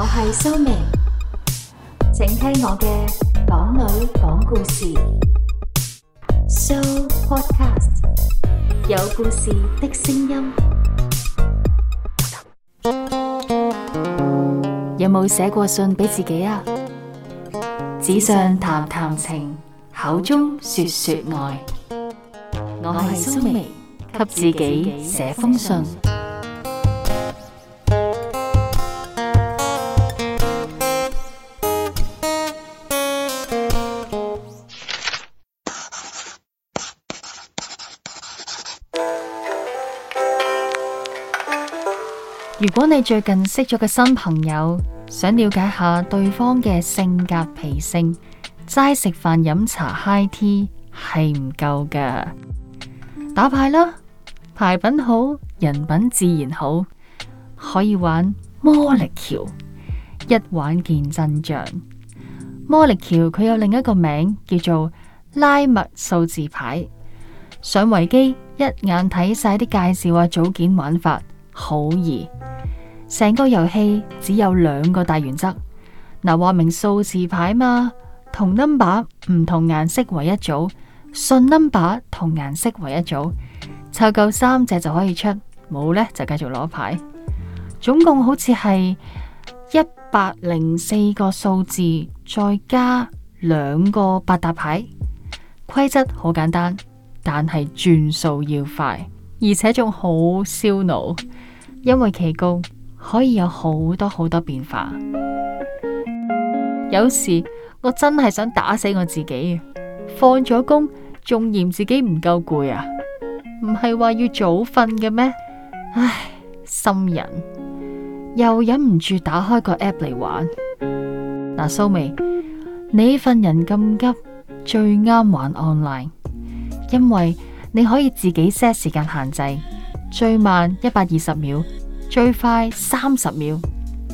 我係蘇明，請聽我嘅港女講故事。So Podcast 有故事的聲音。有冇寫過信俾自己啊？紙上談談情，口中說說愛。我係蘇明，給自己寫封信。如果你最近識咗個新朋友，想了解下對方嘅性格脾性，齋食飯飲茶 high tea 係唔夠噶，打牌啦，牌品好人品自然好，可以玩魔力橋，一玩見真象。魔力橋佢有另一個名叫做拉密數字牌，上維基一眼睇晒啲介紹啊，組件玩法好易。成個遊戲只有兩個大原則，嗱、啊，話明數字牌嘛，同 number 唔同顏色為一組，順 number 同顏色為一組，湊夠三隻就可以出，冇呢就繼續攞牌。總共好似係一百零四個數字，再加兩個百搭牌。規則好簡單，但係轉數要快，而且仲好燒腦，因為奇高。可以有好多好多變化。有時我真係想打死我自己，放咗工仲嫌自己唔夠攰啊！唔係話要早瞓嘅咩？唉，心人又忍唔住打開個 app 嚟玩。嗱，蘇美，你份人咁急，最啱玩 online，因為你可以自己 set 時間限制，最慢一百二十秒。最快三十秒，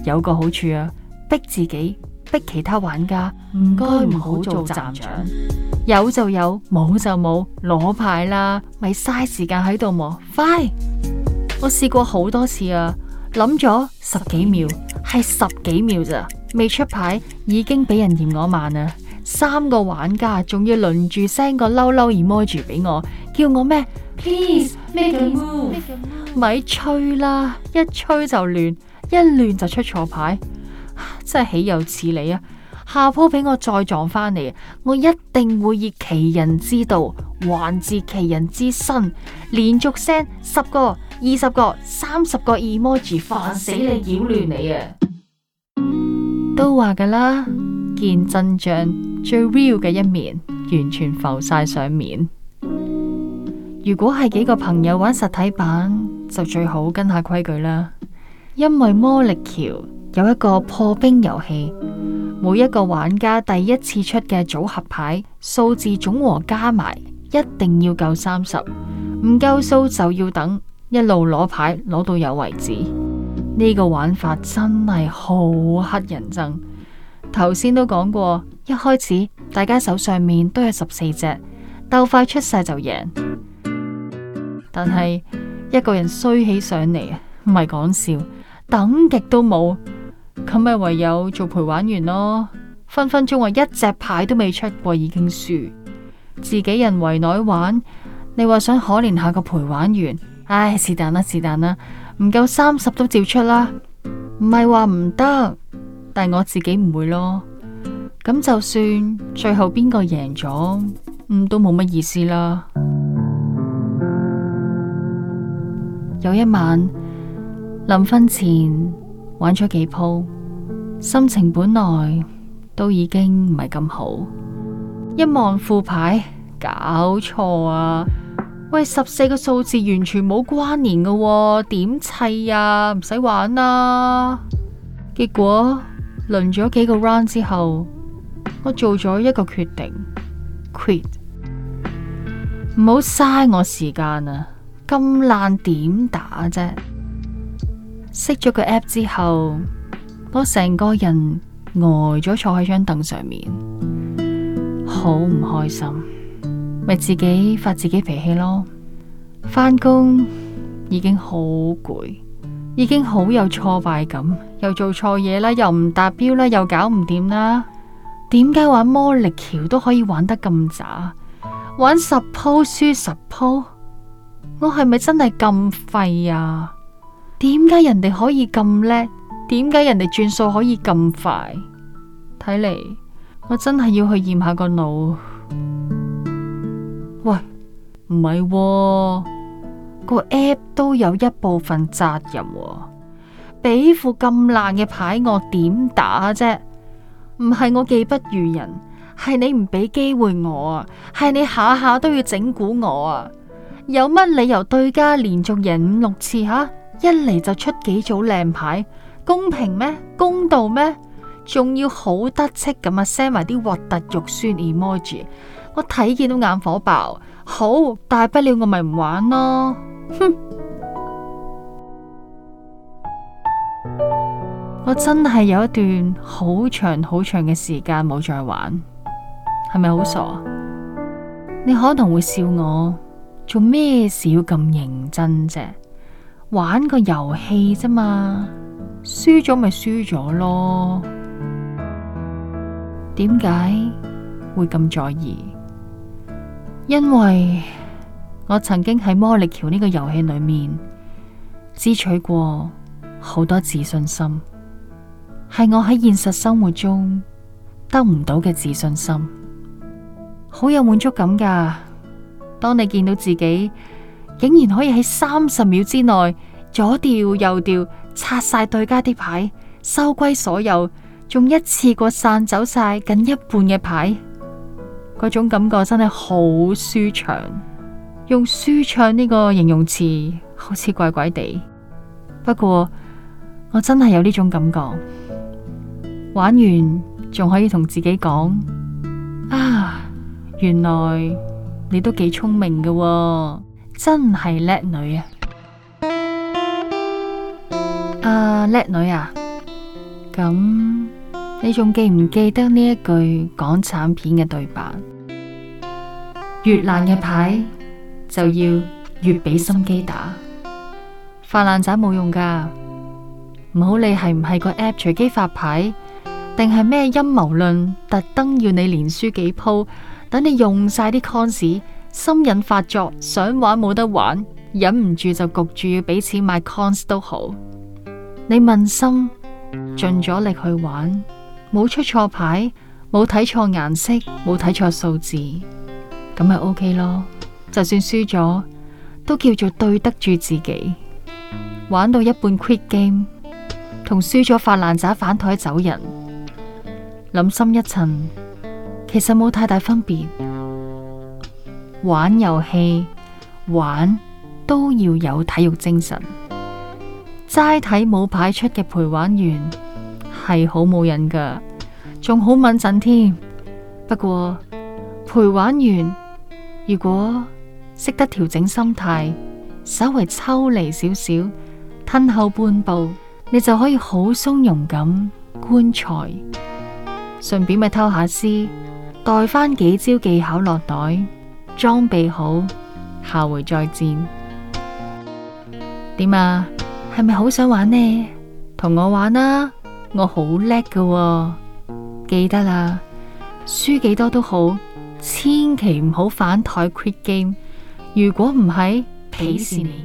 有個好處啊，逼自己，逼其他玩家唔該唔好做站長，有就有，冇就冇，攞牌啦，咪嘥時間喺度磨，快！Fine! 我試過好多次啊，諗咗十幾秒，係十幾秒咋，未出牌已經俾人嫌我慢啊。三個玩家仲要輪住 send 個嬲嬲 emoji 俾我，叫我咩？Please make a move，咪吹啦！一吹就亂，一亂就出錯牌，真係豈有此理啊！下鋪俾我再撞返嚟，我一定會以其人之道還治其人之身，連續 send 十個、二十個、三十個 emoji，煩死你擾亂你啊！都話㗎啦，見真章，最 real 嘅一面，完全浮晒上面。如果係幾個朋友玩實體版，就最好跟下規矩啦。因為魔力橋有一個破冰遊戲，每一個玩家第一次出嘅組合牌數字總和加埋一定要夠三十，唔夠數就要等一路攞牌攞到有為止。呢、這個玩法真係好乞人憎。頭先都講過，一開始大家手上面都有十四隻，鬥快出晒就贏。但係一個人衰起上嚟啊，唔係講笑，等極都冇，咁咪唯有做陪玩員咯。分分鐘我，一隻牌都未出過已經輸，自己人圍內玩，你話想可憐下個陪玩員，唉，是但啦，是但啦，唔夠三十都照出啦，唔係話唔得，但係我自己唔會咯。咁就算最後邊個贏咗，嗯，都冇乜意思啦。有一晚，臨瞓前玩咗幾鋪，心情本來都已經唔係咁好，一望副牌，搞錯啊！喂，十四個數字完全冇關聯㗎喎，點砌啊？唔使玩啦、啊！結果輪咗幾個 round 之後，我做咗一個決定，quit，唔好嘥我時間啊！咁爛點打啫？熄咗個 app 之後，我成個人呆咗，坐喺張凳上面，好唔開心，咪自己發自己脾氣咯。返工已經好攰，已經好有挫敗感，又做錯嘢啦，又唔達標啦，又搞唔掂啦。點解玩魔力橋都可以玩得咁渣？玩十鋪輸十鋪。我係咪真係咁廢啊？點解人哋可以咁叻？點解人哋轉數可以咁快？睇嚟我真係要去驗下個腦。喂，唔係喎，個 app 都有一部分責任喎，俾副咁爛嘅牌我點打啫？唔係我技不如人，係你唔俾機會我啊，係你下下都要整蠱我啊！有乜理由對家連續贏五六次吓？一嚟就出幾組靚牌，公平咩？公道咩？仲要好得戚咁啊，send 埋啲核突肉酸 emoji，我睇見都眼火爆。好，大不了我咪唔玩咯。哼，我真係有一段好長好長嘅時間冇再玩，係咪好傻？你可能會笑我。做咩事要咁認真啫？玩個遊戲啫嘛，輸咗咪輸咗咯。點解會咁在意？因為我曾經喺魔力橋呢個遊戲裏面，支取過好多自信心，係我喺現實生活中得唔到嘅自信心，好有滿足感噶。當你見到自己，竟然可以喺三十秒之內左掉右掉，拆晒對家啲牌，收歸所有，仲一次過散走晒近一半嘅牌，嗰種感覺真係好舒暢。用舒暢呢個形容詞好似怪怪地，不過我真係有呢種感覺。玩完仲可以同自己講啊，原來。你都幾聰明嘅，真係叻女啊！啊，叻女啊！咁你仲記唔記得呢一句港產片嘅對白？越爛嘅牌就要越俾心機打，發爛仔冇用噶。唔好理係唔係個 app 隨機發牌，定係咩陰謀論，特登要你連輸幾鋪。等你用晒啲 cons，心癮發作，想玩冇得玩，忍唔住就焗住要俾錢買 cons 都好。你問心，盡咗力去玩，冇出錯牌，冇睇錯顏色，冇睇錯數字，咁咪 ok 咯。就算輸咗，都叫做對得住自己。玩到一半 quit game，同輸咗發爛渣反台走人，諗深一層，其實冇太大分別，玩遊戲玩都要有體育精神。齋睇冇牌出嘅陪玩員係好冇癮㗎，仲好敏感添。不過陪玩員如果識得調整心態，稍微抽離少少，吞後半步，你就可以好鬆容咁觀察，順便咪偷下師。帶翻幾招技巧落袋，裝備好，下回再戰。點啊？係咪好想玩呢？同我玩啦，我好叻噶喎。記得啦，輸幾多都好，千祈唔好反台 quit game。如果唔係，鄙視你。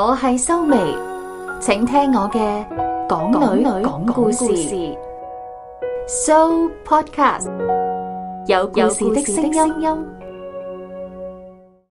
我係修眉，請聽我嘅港女港故事，So Podcast，有故事的聲音。